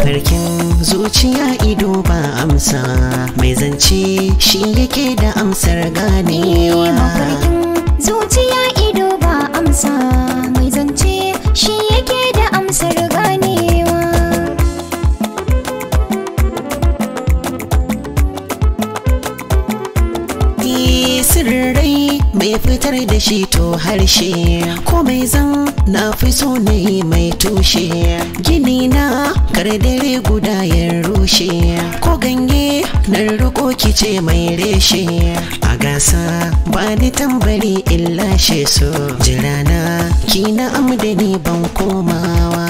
mafarkin zuciya ido ba amsa mai zance shi yake da amsar ganewa zuciya ido ba amsa mai zance shi yake da amsar ganewa sirirai mai fitar da shi to harshe ko mai zan na fi so ne mai tushe gini na kardare guda ya rushe ko ganye na riko kice mai reshe a gasa ba ni tambari in lashe su jirana kina amdani ban komawa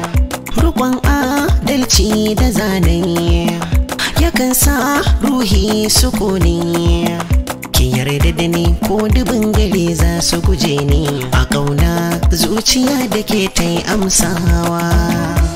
rukon adalci da ya yakan sa ruhi sukuni ki yarda da ni ko dubin gari za su guje ni a ƙauna zuciya da ke ta amsawa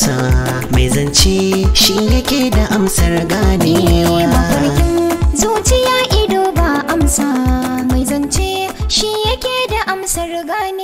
Amsa mai zance shi yake da amsar ganewa zuciya ido ba amsa mai zance shi yake da amsar ganewa